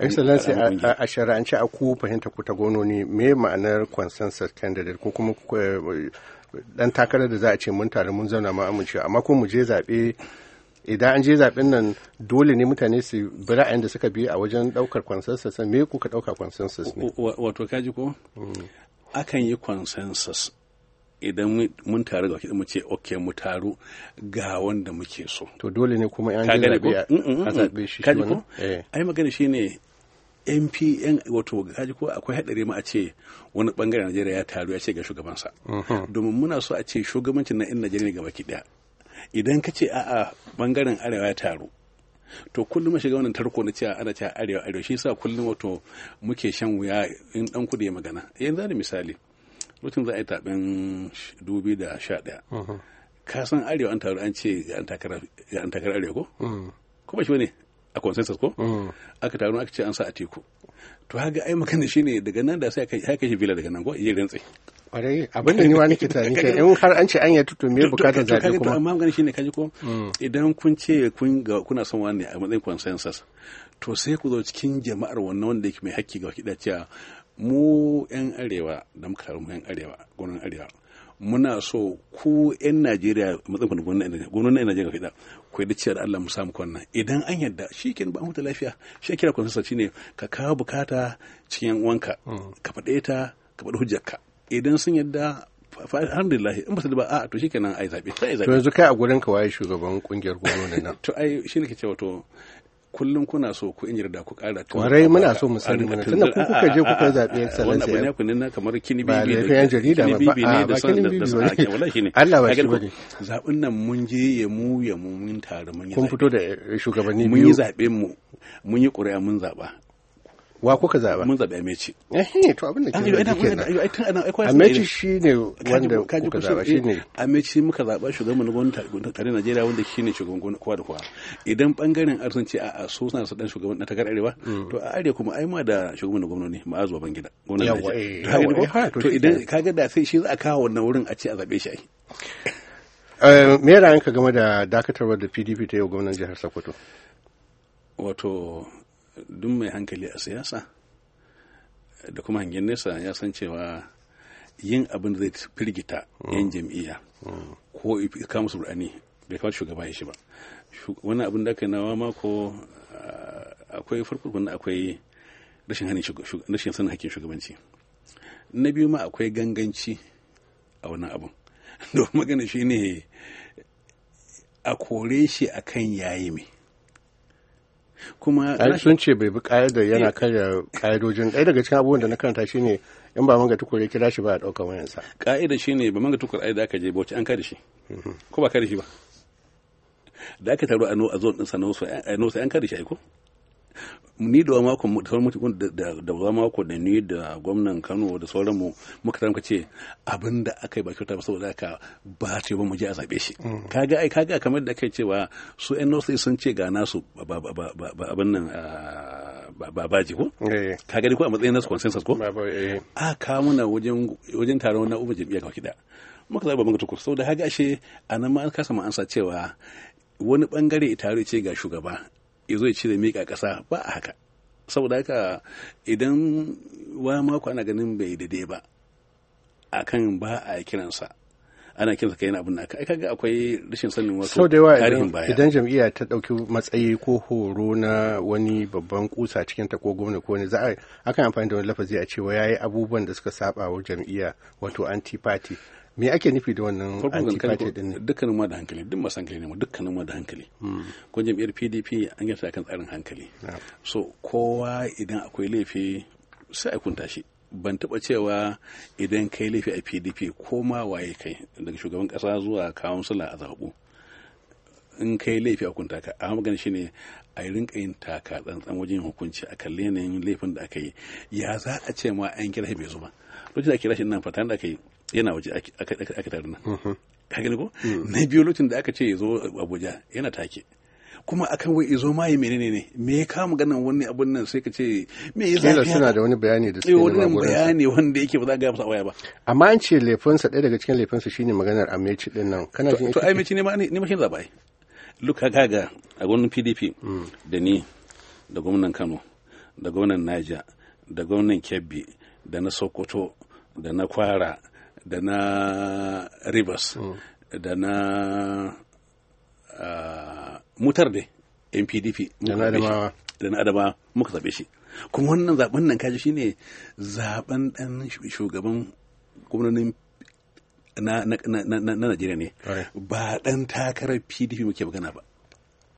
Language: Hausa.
excellency a shara'ance a ku fahimta ku ta ne me ma'anar consensus candidate ko kuma dan eh, takarar da za a ce mun tare mun zauna ma amince amma ko mu je zaɓe idan an je zaɓen nan dole ne mutane su bi ra'ayin da suka bi a wajen ɗaukar consensus me kuka ɗauka consensus ne wato kaji ko mm. akan yi consensus idan mun taru ga mu ce ok mu taru ga wanda muke so to dole ne kuma yan zaɓe a mm, mm, mm, zaɓe shi kaji ko eh. ai magana shine NPN wato kaji ko akwai haɗari ma a ce wani na Najeriya ya taru ya ce ga shugabansa mm-hmm. domin muna so a ce shugabancin na in Najeriya ne ga ki ɗaya. idan ka ce a'a bangaren arewa ya taru to kullum shiga wannan tarko na cewa ana cewa arewa arewa shi yasa kullum wato muke shan wuya in dan kudu ya magana eh, yanzu da misali lokacin za a yi taɓen 2011 uh-huh. ka san arewa an taru an ce ga an takarar arewa ko mm. kuma shi ne a consensus ko mm. aka taru aka ce an sa a teku to haka ai shi ne daga nan da sai haka shi bila daga nan ko iya rantsi kwarai abin da ni ma nake tunani kai in har an ce an yi tutu me bukatar zabe kuma amma magana shine kaji ko mm. idan kun ce kun ga kuna son wani a matsayin consensus to sai ku zo cikin jama'ar wannan wanda yake mai hakki ga wakida cewa mu 'yan arewa da muka mu 'yan arewa gwamnan arewa muna so ku 'yan najeriya matsafin gwamnan 'yan najeriya fida ku yadda ciyar allah mu samu kwanna idan an yadda shi ke ba mutu lafiya shi kira kwansa shi ne ka kawo bukata cikin wanka mm. ka faɗe ta ka faɗi hujjarka idan sun yadda alhamdulillah in ba su ba a to shikenan ai zabe yi zaɓe. to yanzu kai a gurin ka waye shugaban kungiyar gwamnati nan to ai ne ke cewa to kullum kuna so ku in yarda ku kara tun warai muna so mu sani mana tunda ku kuka je kuka zaɓi excellence wannan abu ne na kamar kini bibi da yan jarida ba bibi ne da san da ake wala shine Allah ba shi bane zaɓin nan mun je ya mu ya mu mun tare mun yi kun fito da shugabanni mun yi zaɓen mu mun yi ƙuri'a mun zaɓa wa kuka zaba mun zabi ameci eh to abin da ke da ah, kenan ameci shine wanda kuka zaba shine ameci muka zaba shugaban gwamnatin tare Najeriya wanda shine shugaban kowa da kowa idan bangaren arsun ce a so suna su dan shugaban na tagar arewa mm. to a arewa kuma ai ma da shugaban gwamnati ma'azu bangida gwamnati eh, eh, to idan kaga da sai shi za a kawo wannan wurin a ce a zabe shi ai eh, me ra'ayinka game da dakatarwar da PDP ta yau gwamnan jihar Sokoto wato duk mai hankali a siyasa da kuma hangen nesa ya san cewa yin abin da zai firgita yan jam'iyya ko kama su rani bai kamata shugaba ya shi ba wani abin da aka nawa mako ah, akwai farko akwai rashin rashin sanin hakkin shugabanci na biyu ma akwai ganganci a wannan abu domin magana shi ne a kore shi akan yayi mai kuma sun ce bai bi ƙa'idar yana eh. karya ƙa'idojin ɗaya daga cikin abubuwan da na karanta shine in ba manga tukur ya kira shi ba a ɗaukar wayansa ƙa'idar shine ba manga tukur ai da aka je bauchi an kare shi mhm. ko ba kare shi ba da aka taro a no a zo din sanan su a no sai an kare shi ai ko ni da mako da sauran mutum da wa mako da ni da gwamnan Kano da sauran mu muka tarar ce abin da aka yi ba kyauta ba saboda ka ba ce ba mu je a zabe shi mm. kaga ai kaga kamar da kai cewa su ƴan North sun ce ga nasu ba abin nan ah, ba baji ko eh. kaga dai ko a matsayin nasu consensus ko eh. a kawo na wajen taron na uba jam'iyya kawai da muka zaɓa muka tukur sau da haga ashe a nan ma an kasa ma'ansa cewa wani bangare tare ce ga shugaba ya zo ya cire miƙa ƙasa ba a haka saboda haka idan wa mako ana ganin bai daidai ba akan ba a kiransa ana kinsa kai abin naka ai kaga akwai rashin sanin wasu so da yawa baya idan jam'iyya ta dauki matsayi ko horo na wani babban kusa cikin ta ko gwamna ko wani za a akan amfani da wani lafazi a cewa yayi abubuwan da suka saba wa jam'iyya wato anti party me ake nufi da wannan anti-party din ne dukkanin ma da hankali duk masu hankali ne mu dukkanin ma da hankali hmm. ko jam'iyyar PDP an yi ta kan tsarin hankali so kowa idan akwai laifi sai a kunta shi ban taba cewa idan kai laifi a pdp ko ma waye kai daga shugaban kasa zuwa kawunsula a zaɓu in kai laifi a kunta ka a magana shine a rinka yin taka tsantsan wajen hukunci a kalle yanayin laifin da aka yi ya za a ce ma an kira shi bai zuba lokacin da kira shi nan fatan da aka yi yana waje aka tare nan mm-hmm. ka gani ko mm. na biyu lokacin da aka ce ya zo abuja yana take kuma akan wai izo ma ya menene ne me ya kama ganin wani abun nan sai ka ce me ya zafi suna da wani bayani da suke eh, wani bayani wanda yake ba za ga masa waya ba amma an ce laifinsa ɗaya daga cikin laifinsa shine maganar ameci din nan kana jin to ameci ne ma ne ma shi zaba ai luka gaga a gwamnatin PDP mm. da ni da gwamnan Kano da gwamnan Niger da gwamnan Kebbi da na Sokoto da na Kwara da na Rivers mm. da na ah, mutar da npdp da na adama muka zaɓe shi kuma wannan zaɓen nan kaji shine zaben ɗan shugaban gwamnanin na Najeriya ne ba ɗan takarar pdp muke magana ba